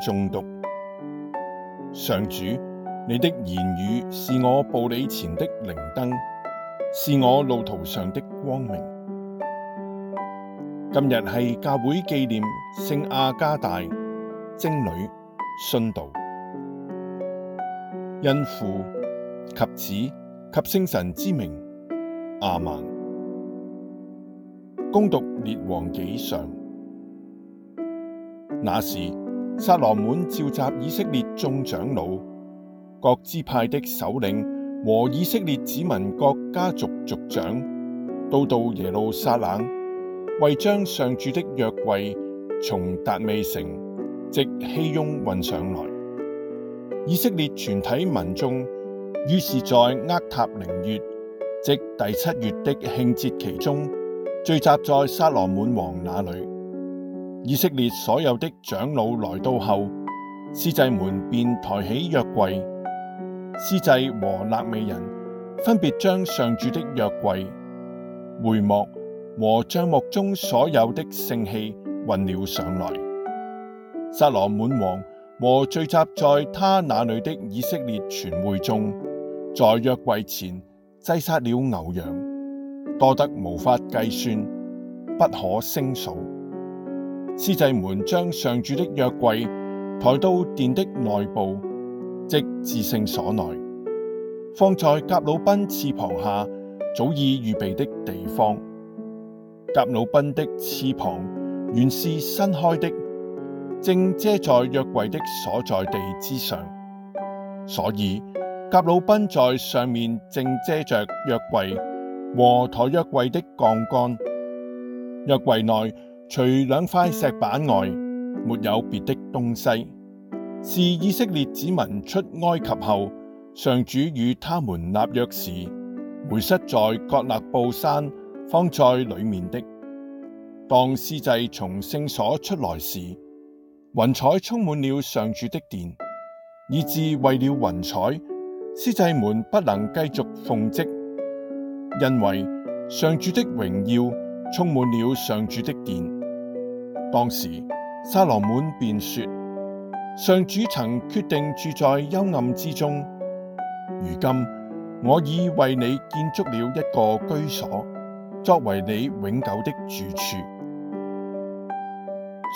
中毒。上主，你的言語是我步履前的靈燈，是我路途上的光明。今日係教會紀念聖亞加大、貞女、殉道，因父及子及聖神之名。阿門。恭讀列王紀上，那時。撒羅滿召集以色列眾長老、各支派的首領和以色列子民各家族族長，都到耶路撒冷，為將上主的約櫃從達味城，即熙雍運上來。以色列全體民眾，於是在厄塔寧月，即第七月的慶節期中，聚集在撒羅滿王那裏。以色列所有的長老來到後，司祭們便抬起約櫃，司祭和肋未人分別將上主的約櫃、會幕和帳幕中所有的聖器運了上來。撒羅滿王和聚集在他那裏的以色列全會眾，在約櫃前祭殺了牛羊，多得無法計算，不可勝數。司祭們將上主的約櫃抬到殿的內部，即至聖所內，放在革魯賓翅膀下早已預備的地方。革魯賓的翅膀原是伸開的，正遮在約櫃的所在地之上，所以革魯賓在上面正遮着約櫃和抬約櫃的槓桿。約櫃內除兩塊石板外，沒有別的東西，是以色列子民出埃及後，上主與他們立約時，梅瑟在曷勒布山放在裏面的。當司祭從聖所出來時，雲彩充滿了上主的殿，以致為了雲彩，司祭們不能繼續奉職，因為上主的榮耀充滿了上主的殿。當時，撒羅滿便說：上主曾決定住在幽暗之中，如今我已為你建築了一個居所，作為你永久的住處。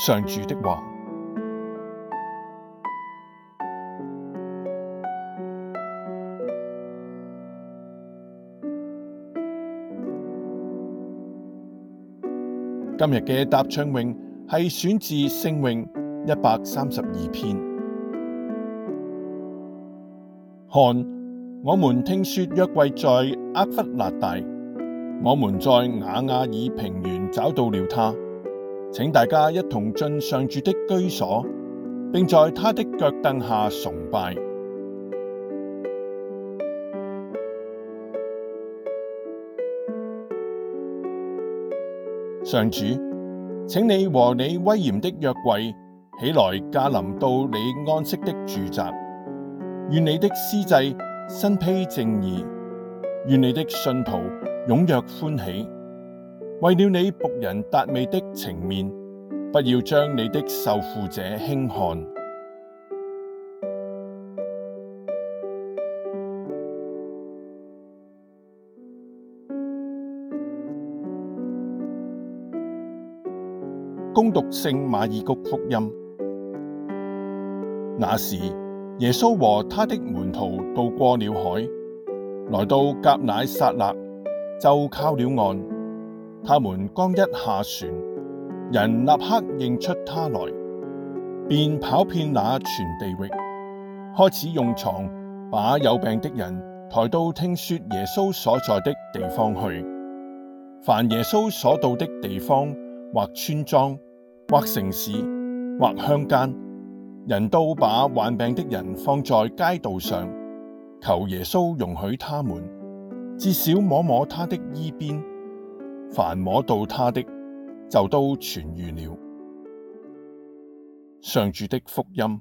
上主的話，今日嘅答唱詠。係選自聖詠一百三十二篇。看，我們聽說約櫃在厄弗辣大，我們在雅阿爾平原找到了他。請大家一同進上主的居所，並在他的腳凳下崇拜上主。請你和你威嚴的約櫃起來駕臨到你安息的住宅，願你的司祭身披正義，願你的信徒踴躍歡喜。為了你僕人達味的情面，不要將你的受傅者輕看。恭讀聖馬爾谷福音。那時，耶穌和他的門徒渡過了海，來到革乃撒勒，就靠了岸。他們剛一下船，人立刻認出他來，便跑遍那全地域，開始用床把有病的人抬到聽說耶穌所在的地方去。凡耶穌所到的地方，或村莊，或城市，或鄉間，人都把患病的人放在街道上，求耶穌容許他們至少摸摸他的衣邊，凡摸到他的就都痊癒了。上主的福音。